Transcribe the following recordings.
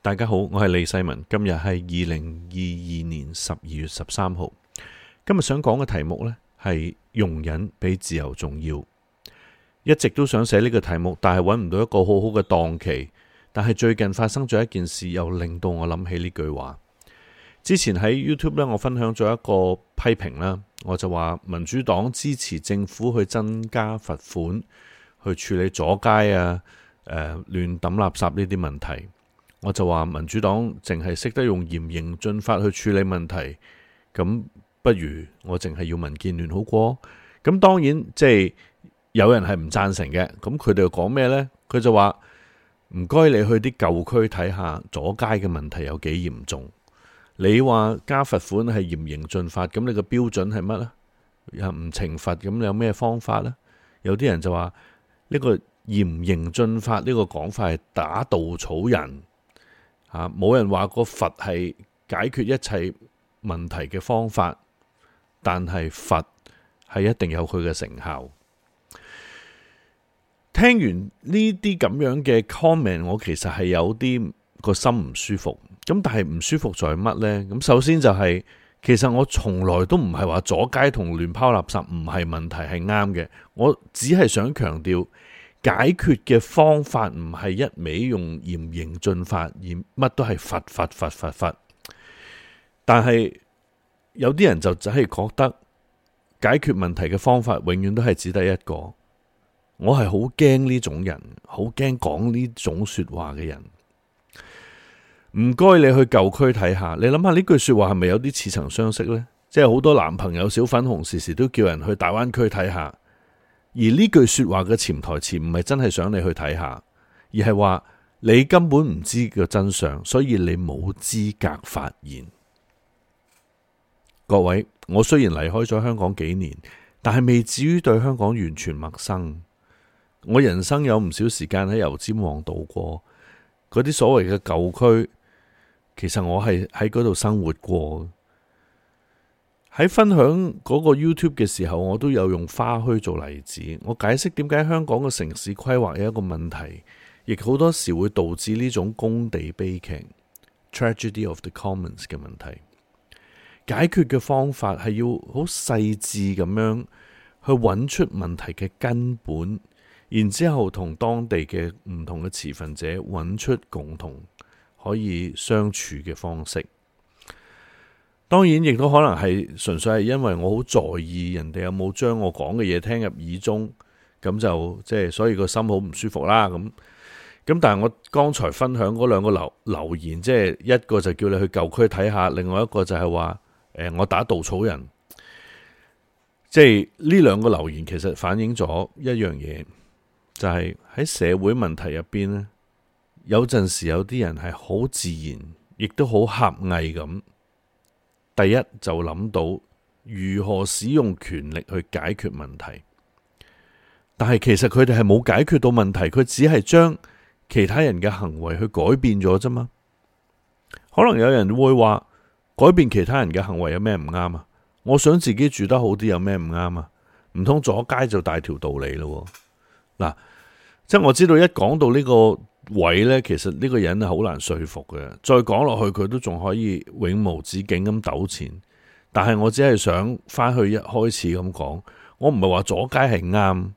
大家好，我係李世民。今日係二零二二年十二月十三號。今日想講嘅題目呢，係容忍比自由重要。一直都想寫呢個題目，但係揾唔到一個好好嘅檔期。但係最近發生咗一件事，又令到我諗起呢句話。之前喺 YouTube 呢，我分享咗一個批評啦，我就話民主黨支持政府去增加罰款去處理阻街啊，誒亂抌垃圾呢啲問題。我就話民主黨淨係識得用嚴刑峻法去處理問題，咁不如我淨係要民建聯好過。咁當然即係、就是、有人係唔贊成嘅，咁佢哋又講咩呢？佢就話，唔該你去啲舊區睇下阻街嘅問題有幾嚴重。你話加罰款係嚴刑峻法，咁你個標準係乜呢？又唔懲罰，咁你有咩方法呢？有啲人就話呢、這個嚴刑峻法呢個講法係打稻草人。吓，冇人話個佛係解決一切問題嘅方法，但係佛係一定有佢嘅成效。聽完呢啲咁樣嘅 comment，我其實係有啲個心唔舒服。咁但係唔舒服在乜呢？咁首先就係、是，其實我從來都唔係話阻街同亂拋垃圾唔係問題係啱嘅，我只係想強調。解決嘅方法唔係一味用嚴刑峻法，而乜都係罰罰罰罰罰。但係有啲人就只係覺得解決問題嘅方法永遠都係只得一個。我係好驚呢種人，好驚講呢種說話嘅人。唔該，你去舊區睇下，你諗下呢句說話係咪有啲似曾相識呢？即係好多男朋友小粉紅時時都叫人去大灣區睇下。而呢句說話嘅潛台詞唔係真係想你去睇下，而係話你根本唔知嘅真相，所以你冇資格發言。各位，我雖然離開咗香港幾年，但係未至於對香港完全陌生。我人生有唔少時間喺油尖旺度過，嗰啲所謂嘅舊區，其實我係喺嗰度生活過。喺分享嗰個 YouTube 嘅時候，我都有用花墟做例子，我解釋點解香港嘅城市規劃有一個問題，亦好多時會導致呢種公地悲劇 （tragedy of the commons） 嘅問題。解決嘅方法係要好細緻咁樣去揾出問題嘅根本，然之後同當地嘅唔同嘅持份者揾出共同可以相處嘅方式。當然，亦都可能係純粹係因為我好在意人哋有冇將我講嘅嘢聽入耳中，咁就即係所以個心好唔舒服啦。咁咁，但係我剛才分享嗰兩個留留言，即係一個就叫你去舊區睇下，另外一個就係話誒我打稻草人，即係呢兩個留言其實反映咗一樣嘢，就係喺社會問題入邊咧，有陣時有啲人係好自然，亦都好狹隘咁。第一就諗到如何使用權力去解決問題，但係其實佢哋係冇解決到問題，佢只係將其他人嘅行為去改變咗啫嘛。可能有人會話改變其他人嘅行為有咩唔啱啊？我想自己住得好啲有咩唔啱啊？唔通左街就大條道理咯？嗱，即係我知道一講到呢個。位咧，其實呢個人咧好難說服嘅。再講落去，佢都仲可以永無止境咁糾纏。但係我只係想翻去一開始咁講，我唔係話左街係啱，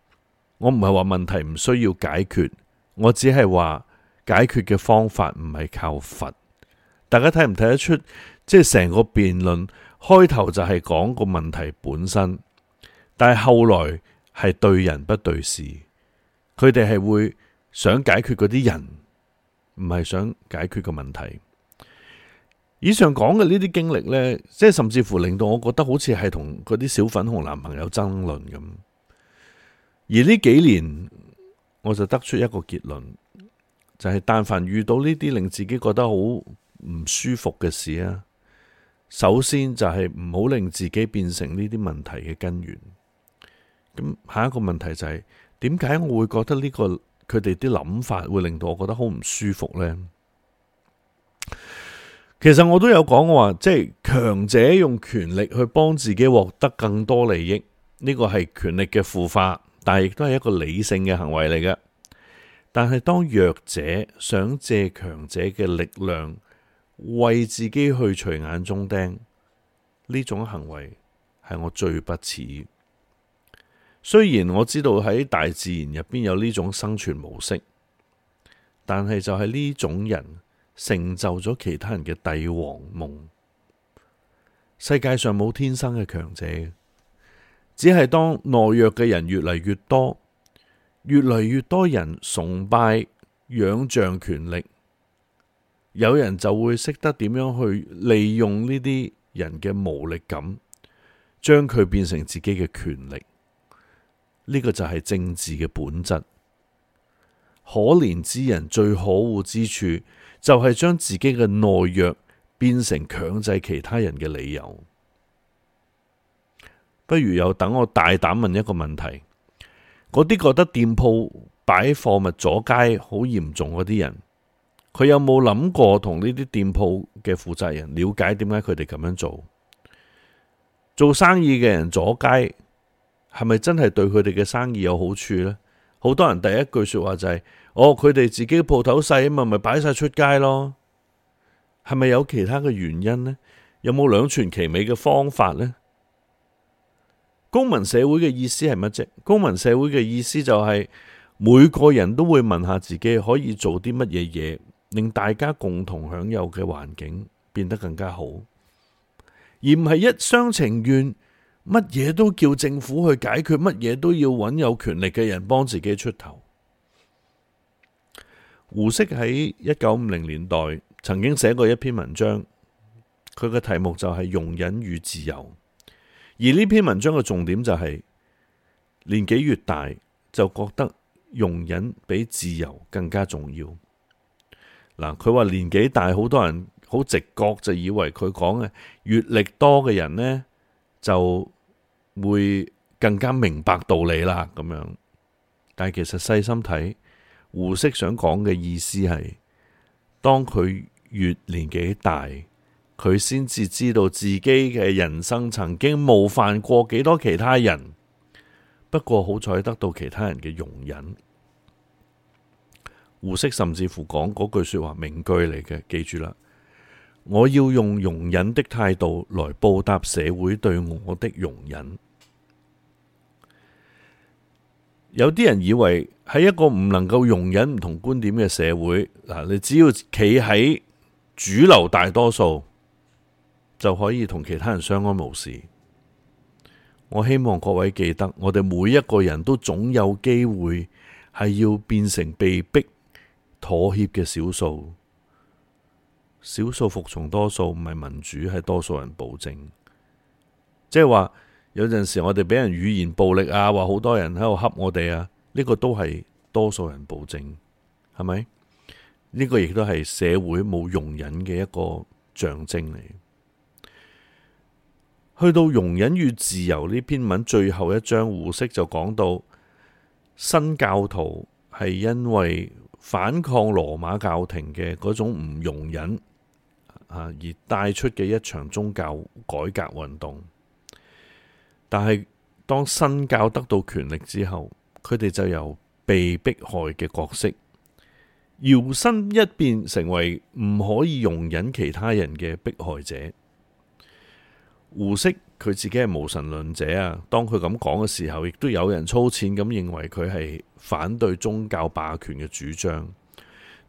我唔係話問題唔需要解決，我只係話解決嘅方法唔係靠罰。大家睇唔睇得出？即係成個辯論開頭就係講個問題本身，但係後來係對人不對事。佢哋係會。想解決嗰啲人，唔係想解決個問題。以上講嘅呢啲經歷呢，即係甚至乎令到我覺得好似係同嗰啲小粉紅男朋友爭論咁。而呢幾年，我就得出一個結論，就係但凡遇到呢啲令自己覺得好唔舒服嘅事啊，首先就係唔好令自己變成呢啲問題嘅根源。咁下一個問題就係點解我會覺得呢個？佢哋啲諗法會令到我覺得好唔舒服呢？其實我都有講過，即係強者用權力去幫自己獲得更多利益，呢個係權力嘅腐化，但係亦都係一個理性嘅行為嚟嘅。但係當弱者想借強者嘅力量為自己去除眼中釘，呢種行為係我最不齒。雖然我知道喺大自然入邊有呢種生存模式，但係就係呢種人成就咗其他人嘅帝王夢。世界上冇天生嘅強者，只係當懦弱嘅人越嚟越多，越嚟越多人崇拜仰仗權力，有人就會識得點樣去利用呢啲人嘅無力感，將佢變成自己嘅權力。呢個就係政治嘅本質。可憐之人最可惡之處，就係將自己嘅懦弱變成強制其他人嘅理由。 不如又等我大膽問一個問題：嗰啲覺得店鋪擺貨物阻街好嚴重嗰啲人，佢有冇諗過同呢啲店鋪嘅負責人了解點解佢哋咁樣做？做生意嘅人阻街。係咪真係對佢哋嘅生意有好處呢？好多人第一句說話就係，哦，佢哋自己鋪頭細啊嘛，咪擺晒出街咯。係咪有其他嘅原因呢？有冇兩全其美嘅方法呢？公民社會嘅意思係乜啫？公民社會嘅意思就係每個人都會問下自己可以做啲乜嘢嘢，令大家共同享有嘅環境變得更加好，而唔係一廂情願。乜嘢都叫政府去解決，乜嘢都要揾有權力嘅人幫自己出頭。胡適喺一九五零年代曾經寫過一篇文章，佢嘅題目就係容忍與自由。而呢篇文章嘅重點就係年紀越大就覺得容忍比自由更加重要。嗱，佢話年紀大，好多人好直覺就以為佢講嘅閱歷多嘅人呢？就會更加明白道理啦，咁樣。但係其實細心睇，胡適想講嘅意思係，當佢越年紀大，佢先至知道自己嘅人生曾經冒犯過幾多其他人，不過好彩得到其他人嘅容忍。胡適甚至乎講嗰句說話，名句嚟嘅，記住啦。我要用容忍的態度來報答社會對我的容忍。有啲人以為喺一個唔能夠容忍唔同觀點嘅社會，嗱，你只要企喺主流大多數，就可以同其他人相安無事。我希望各位記得，我哋每一個人都總有機會係要變成被逼妥協嘅少數。少數服從多數唔係民主，係多數人暴政。即係話有陣時我哋俾人語言暴力啊，話好多人喺度恰我哋啊，呢、這個都係多數人暴政，係咪？呢、這個亦都係社會冇容忍嘅一個象徵嚟。去到容忍與自由呢篇文最後一章胡適就講到新教徒係因為反抗羅馬教廷嘅嗰種唔容忍。吓而帶出嘅一場宗教改革運動，但係當新教得到權力之後，佢哋就由被迫害嘅角色，搖身一變成為唔可以容忍其他人嘅迫害者。胡適佢自己係無神論者啊，當佢咁講嘅時候，亦都有人粗淺咁認為佢係反對宗教霸權嘅主張。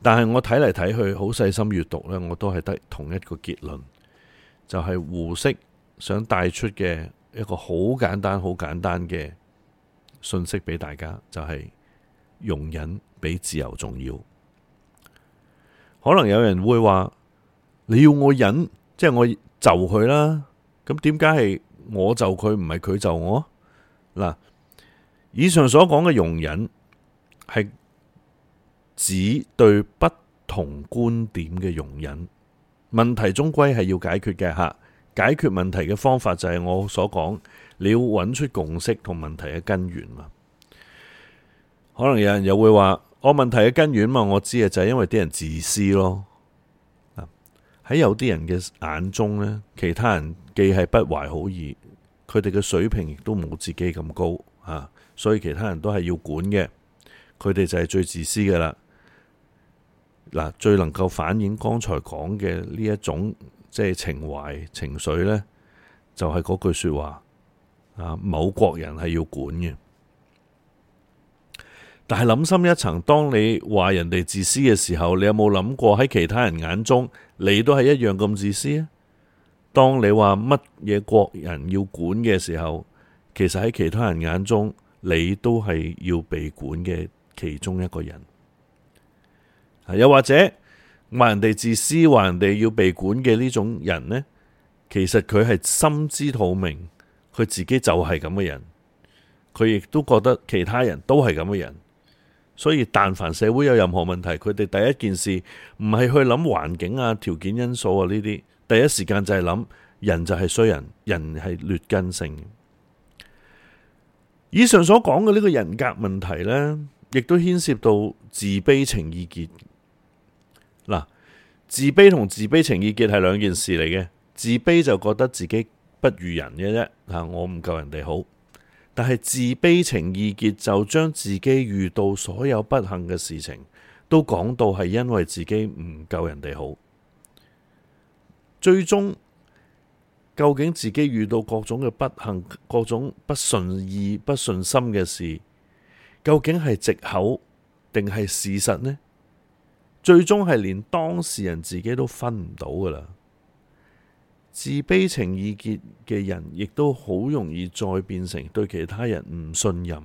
但係我睇嚟，睇去，好細心閱讀呢，我都係得同一個結論，就係胡適想帶出嘅一個好簡單、好簡單嘅信息俾大家，就係容忍比自由重要。可能有人會話：你要我忍，即係我就佢啦。咁點解係我就佢，唔係佢就我？嗱，以上所講嘅容忍係。只對不同觀點嘅容忍，問題終歸係要解決嘅吓。解決問題嘅方法就係我所講，你要揾出共識同問題嘅根源嘛。可能有人又會話：我問題嘅根源嘛，我知、就是、啊，就係因為啲人自私咯。喺有啲人嘅眼中呢，其他人既係不懷好意，佢哋嘅水平亦都冇自己咁高啊，所以其他人都係要管嘅，佢哋就係最自私嘅啦。嗱，最能夠反映剛才講嘅呢一種即係情懷情緒呢就係嗰句説話啊，某國人係要管嘅。但係諗深一層，當你話人哋自私嘅時候，你有冇諗過喺其他人眼中，你都係一樣咁自私啊？當你話乜嘢國人要管嘅時候，其實喺其他人眼中，你都係要被管嘅其中一個人。又或者話人哋自私，話人哋要被管嘅呢種人呢？其實佢係心知肚明，佢自己就係咁嘅人，佢亦都覺得其他人都係咁嘅人。所以但凡社會有任何問題，佢哋第一件事唔係去諗環境啊、條件因素啊呢啲，第一時間就係諗人就係衰人，人係劣根性。以上所講嘅呢個人格問題呢，亦都牽涉到自卑情意結。自卑同自卑情意結係兩件事嚟嘅，自卑就覺得自己不如人嘅啫，吓，我唔夠人哋好。但係自卑情意結就將自己遇到所有不幸嘅事情都講到係因為自己唔夠人哋好。最終究竟自己遇到各種嘅不幸、各種不順意、不順心嘅事，究竟係藉口定係事實呢？最終係連當事人自己都分唔到㗎喇，自卑情意結嘅人，亦都好容易再變成對其他人唔信任。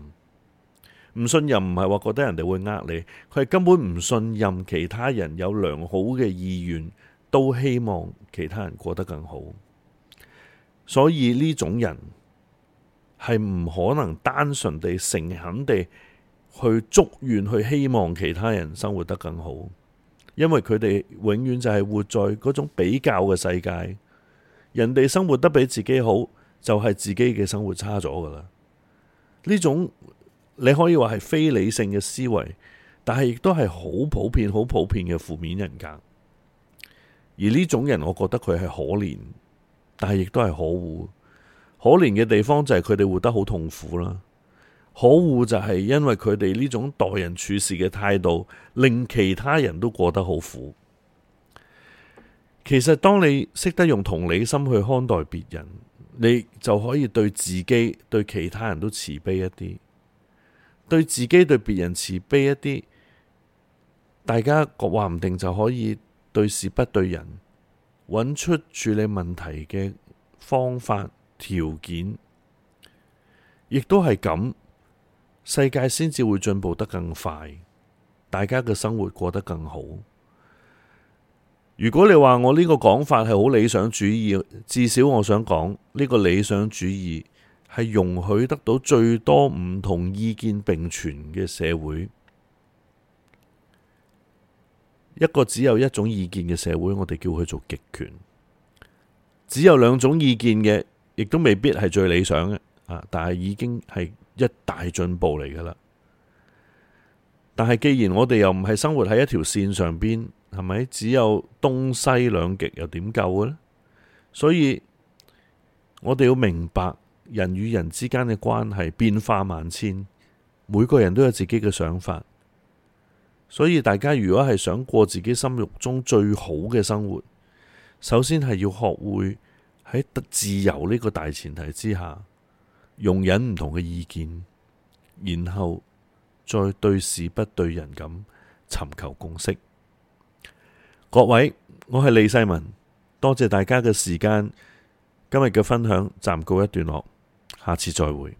唔信任唔係話覺得人哋會呃你，佢係根本唔信任其他人有良好嘅意願，都希望其他人過得更好。所以呢種人係唔可能單純地誠懇地去祝願、去希望其他人生活得更好。因為佢哋永遠就係活在嗰種比較嘅世界，人哋生活得比自己好，就係、是、自己嘅生活差咗噶啦。呢種你可以話係非理性嘅思維，但係亦都係好普遍、好普遍嘅負面人格。而呢種人，我覺得佢係可憐，但係亦都係可惡。可憐嘅地方就係佢哋活得好痛苦啦。可惡就係因為佢哋呢種待人處事嘅態度，令其他人都過得好苦。其實當你識得用同理心去看待別人，你就可以對自己、對其他人都慈悲一啲。對自己對別人慈悲一啲，大家覺話唔定就可以對事不對人，揾出處理問題嘅方法、條件，亦都係咁。世界先至會進步得更快，大家嘅生活過得更好。如果你話我呢個講法係好理想主義，至少我想講呢個理想主義係容許得到最多唔同意見並存嘅社會。一個只有一種意見嘅社會，我哋叫佢做極權。只有兩種意見嘅，亦都未必係最理想嘅。啊，但係已經係。一大進步嚟㗎喇，但係既然我哋又唔係生活喺一條綫上邊，係咪只有東西兩極又點夠嘅呢？所以，我哋要明白人與人之間嘅關係變化萬千，每個人都有自己嘅想法。所以大家如果係想過自己心目中最好嘅生活，首先係要學會喺自由呢個大前提之下，容忍唔同嘅意見，然後再對事不對人咁尋求共識。各位，我係李世民，多謝大家嘅時間。今日嘅分享暫告一段落，下次再會。